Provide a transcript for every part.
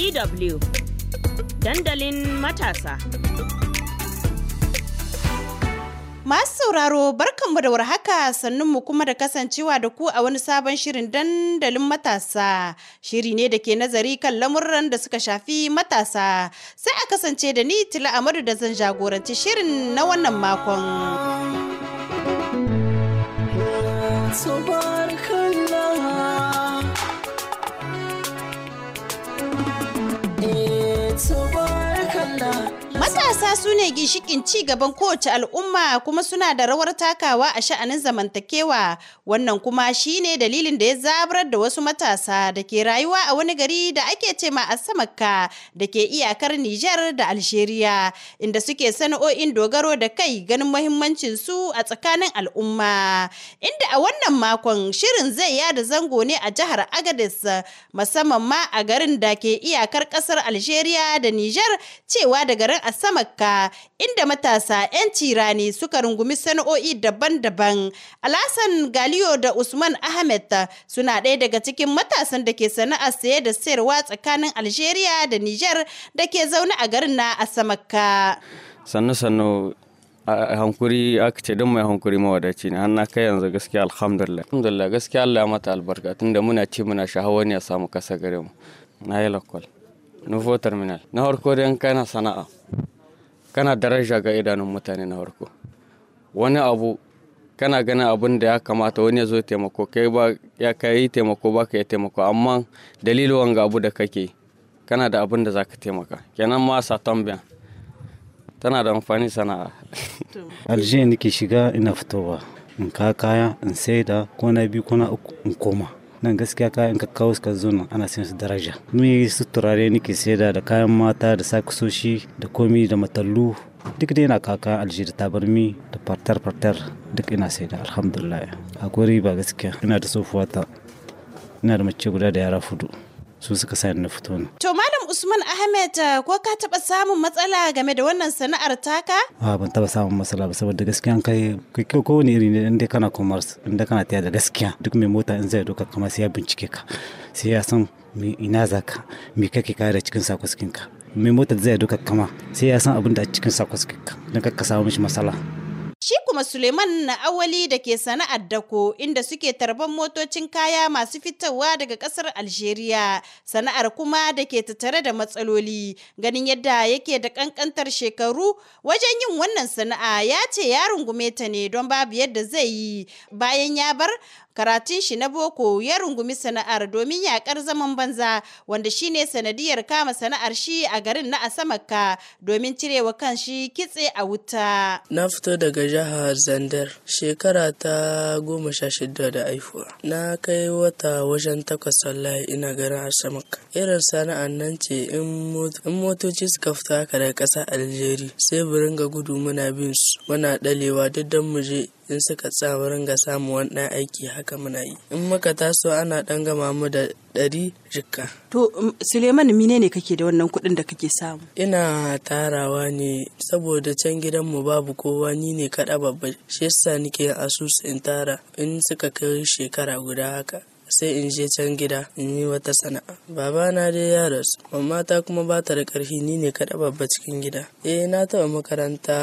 DW dandalin matasa. Masu sauraro barkanmu da warhaka sannunmu kuma da kasancewa da ku a wani sabon shirin dandalin matasa. Shiri ne da ke nazari kan lamurran da suka shafi matasa. Sai a kasance da ni Tila Amadu da zan jagoranci shirin na wannan makon. love. Matasa su ne ginshikin ci gaban kowace al'umma kuma suna da rawar takawa a sha'anin zamantakewa. Wannan kuma shi ne dalilin da ya zabar da wasu matasa da ke rayuwa a wani gari da ake cema a samakka da ke iyakar Nijar da Algeria inda suke sana'o'in dogaro da kai ganin muhimmancin su a tsakanin al'umma. Inda a wannan makon shirin zai yada zango ne a jihar Agadez musamman ma a garin da ke iyakar ƙasar Algeria da Nijar cewa da garin samakka inda matasa 'yan tirani suka rungumi sana'o'i daban-daban. Alasan Galiyo da Usman Ahmed suna ɗaya daga cikin matasan da ke sana'a saye da sayarwa tsakanin Algeria da Niger da ke zaune a garin na a samakka Sannu-sannu hankuri aka ce don mai hankuri mawadaci ne har na kai yanzu gaskiya alhamdulillah alhamdulillah gaskiya Allah ya mata albarka tunda muna ci muna hawa ne ya samu kasa gare mu na yi lakwal nouveau terminal. Na horko dan kana sana'a, kana daraja ga idanun mutane na horko Wani abu kana ganin abin da ya kamata wani ya zo taimako kai ba ya kai taimako ba ka yi taimako amma dalilin wanga abu da kake kana da abin da za ka taimaka kenan ma sa tambaya tana da amfani sana'a da ke shiga ina fitowa in ka kaya in saida ko na biyu ko na uku in koma nan gaskiya ka in ka kawo ka zo nan ana sayan su daraja yi suturare ni ke saida da kayan mata da sakusoshi da komi da matallu duk da yana kaka alji da tabarmi da fartar fartar duk ina saida alhamdulillah akwai riba gaskiya ina da ta ina da mace guda da yara fudu su suka sa na fito ne. To Malam Usman Ahmed eh, ko ka taɓa samun matsala game da wannan sana'ar taka? A ban taɓa samun matsala ba saboda gaskiya kai kai ko wani iri ne inda kana commerce inda kana tayar da gaskiya duk mai mota in zai doka kamar sai ya bincike ka sai ya san ina zaka me kake kare cikin sakoskinka mai motar zai doka kama sai ya san abin da cikin sakoskinka don ka samu mishi matsala. kuma Suleiman na awali da ke sana'ar dako inda suke tarban motocin kaya masu fitowa daga kasar Algeria sana'ar kuma da ke tattare da matsaloli ganin yadda yake da kankantar shekaru wajen yin wannan sana'a ya ce ya rungume ta ne don babu yadda zai yi bayan ya bar karatun shi na boko ya rungumi sana'ar domin yakar zaman banza wanda shine sanadiyar kama sana'ar shi a garin na asamaka domin cirewa kan shi kitse a wuta na fito daga jihar jihar Zandar shekara ta goma sha shida da aifuwa Na kai wata wajen takwas wallahi ina garin Ashamaka. Irin sana'an nan ce in motoci suka fita haka daga ƙasa Aljeri sai mu ringa gudu muna bin su muna ɗalewa duk don mu je in suka wurin ga samu wani ɗan aiki haka muna yi in muka taso ana ɗan gama mu da ɗari jikka. To um, Suleiman mine ne kake da wannan kuɗin da kake samu? Ina tarawa ne saboda can gidanmu babu kowa ni ne kaɗa babba shi yasa nike asusu in tara in suka kai shekara guda haka sai in je can gida in yi wata sana'a Baba na dai ya rasu mamma ta kuma ba ta da karfi ni ne kaɗa babba cikin gida eh na taɓa makaranta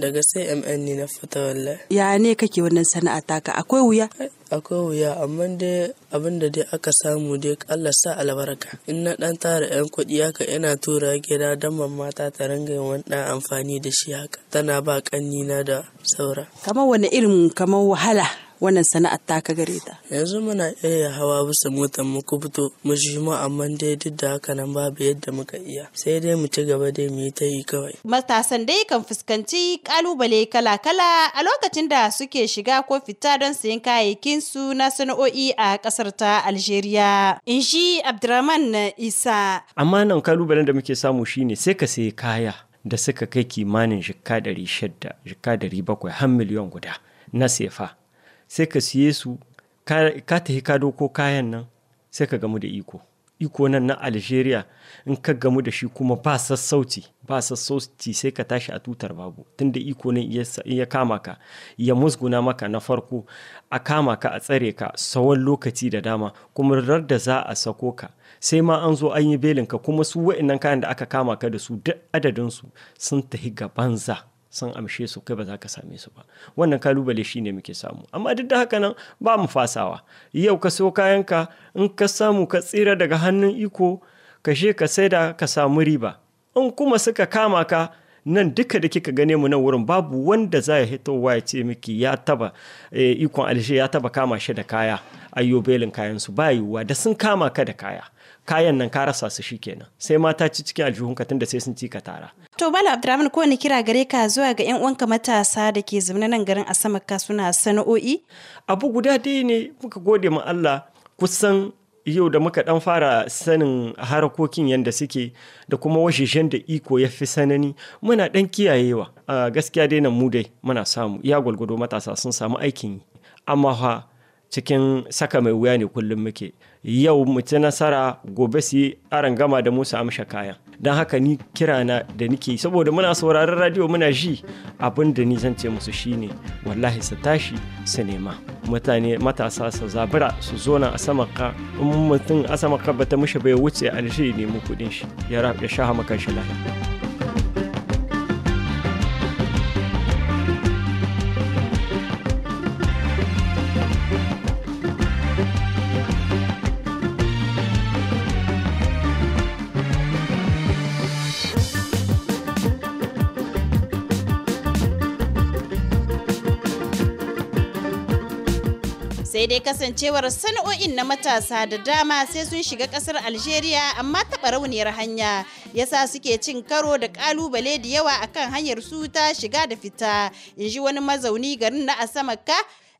daga sai mn ne na fita wallahi ya ne kake wannan sana'a taka akwai wuya akwai wuya amma dai abin da dai aka samu dai Allah sa albarka in na dan tara yan kuɗi haka ina tura gida dan mamma ta ta ringa yin wani dan amfani da shi haka tana ba kanni na da saura kamar wani irin kamar wahala wannan sana'ar ka gare ta yanzu muna iya hawa bisa motar mu ku fito mu shi mu amma dai duk da haka nan babu yadda muka iya sai dai mu ci gaba dai mu yi ta yi kawai matasan dai kan fuskanci kalubale kala-kala a lokacin da suke shiga ko fita don sayan kayayyakin su na sana'o'i a kasar ta Algeria in shi Abdurrahman Isa amma nan kalubalen da muke samu shine sai ka sayi kaya da suka kai kimanin jikka 600 jikka 700 har miliyan guda na sefa sai ka siye su ka tafi ka doko kayan nan sai ka gamu da iko iko nan na algeria in ka gamu da shi kuma ba sassauci ba sassauci sai ka tashi a tutar babu tunda iko nan ya kama ka ya musguna maka na farko a kama ka a tsare ka tsawon lokaci da dama kuma rar da za a sako ka sai ma an zo an yi belin ka kuma su waɗannan kayan da aka kama ka da su duk adadinsu sun tafi ga banza san amshe su kai ba za ka same su ba wannan kalubale shine muke samu amma duk da haka nan ba mu fasawa yau ka so kayanka in ka samu ka tsira daga hannun iko ka she ka saida ka samu riba in kuma suka kama ka nan duka da kika gane mu nan wurin babu wanda za ya hitowa ya ce miki ya taba eh, ikon alishe ya taba kama shi da kaya ayyo belin kayan su ba yiwuwa da sun kama ka da kaya kayan nan ka rasa su shikenan sai mata ci cikin aljihunka tunda sai sun ci ka tara to bala abdurrahman ko ne kira gare ka zuwa ga yan uwanka matasa da ke zaune nan garin a sama ka suna sana'o'i abu guda dai ne muka gode ma Allah kusan yau da muka dan fara sanin harakokin yadda suke da kuma washishen da iko ya fi sanani muna dan kiyayewa gaskiya dai nan mu dai muna samu ya gwalgwado matasa sun samu aikin yi amma fa cikin saka mai wuya ne kullum muke yau mu nasara gobe su yi aran gama da musu amsha kayan don haka ni kira na da nike saboda muna sauraron radio muna ji abin da ni zan ce musu shine wallahi su tashi su nema mutane matasa su zabura su zo na a ka in mutum asama ka bata mishi bai wuce alshi ne mu kudin shi ya sha maka shi lafiya sai dai kasancewar sana'o'in na matasa da dama sai sun shiga kasar algeria amma taɓa rauniyar hanya yasa suke cin karo da kalubale da yawa akan hanyar su ta shiga da fita in ji wani mazauni garin na asamaka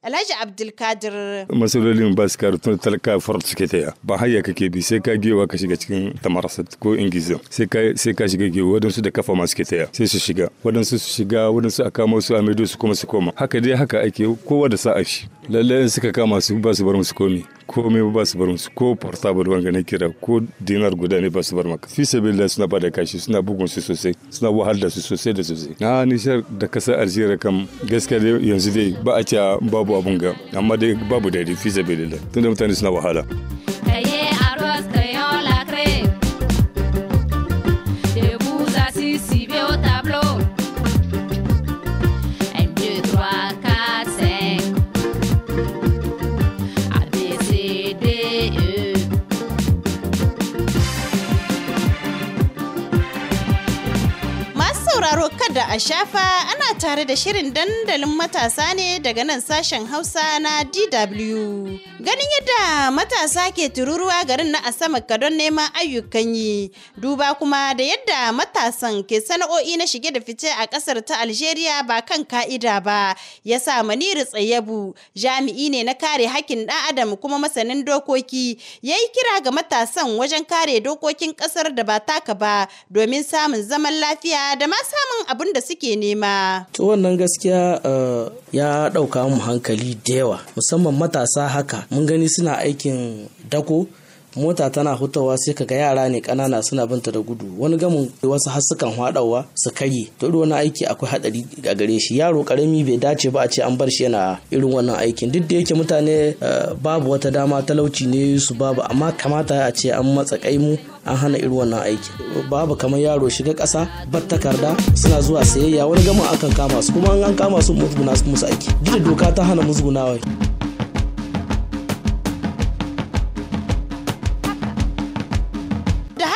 Alhaji Abdulkadir. Masalolin ba su karu tun talaka fort suke taya. Ba hayya kake bi sai ka gewa ka shiga cikin tamarasat ko ingizin. Sai ka sai ka shiga gewa wadansu da kafa ma suke taya. Sai su shiga. Wadansu su shiga wadansu a kama su a maido su kuma su koma. Haka dai haka ake kowa da sa'a shi. lalle in suka kama su ba su bar musu komi komi ba su bar musu ko portable wanga ne kira ko dinar guda ne ba su bar maka fi da suna bada kashi suna bugun su sosai suna wahal da su sosai da sosai na nishar da kasar algeria kam gaskiya dai yanzu dai ba a ce babu abun ga amma dai babu daidai fi sabilillah tunda mutane suna wahala shafa ana tare da shirin dandalin matasa ne daga nan sashen Hausa na DW. Ganin yadda matasa ke tururuwa garin na Asama don neman ayyukan yi, duba kuma da yadda matasan ke sana'o'i na shige da fice a kasar ta Algeria ba kan ka'ida ba, ya sa Maniru Tsayabu, jami'i ne na kare hakkin ɗan Adam kuma masanin dokoki, ya yi kira ga matasan wajen kare dokokin ƙasar da ba taka ba domin samun zaman lafiya da ma samun abin da suke nema? To wannan gaskiya eh, ya ɗauka mu hankali da yawa musamman matasa haka mun gani suna aikin dako mota tana hutawa sai kaga yara ne kanana suna binta da gudu wani gamin wasu har sukan su karye to irin wani aiki akwai hadari a gare shi yaro karami bai dace ba a ce an bar shi yana irin wannan aikin duk da yake mutane eh, babu wata dama talauci ne su babu amma kamata a ce an matsa kaimu an hana irin wannan aikin. babu kamar yaro shiga kasa bar takarda suna zuwa sayayya wani gamin akan kama su kuma an kama su musguna su musu aiki duk da doka ta hana musgunawa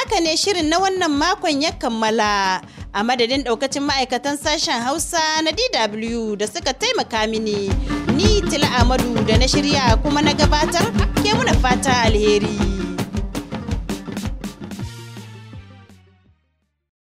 haka ne shirin na wannan makon ya kammala. A madadin ɗaukacin ma'aikatan sashen Hausa na DW da suka taimaka mini, ni Tila Amadu da na shirya kuma na gabatar ke muna fata alheri.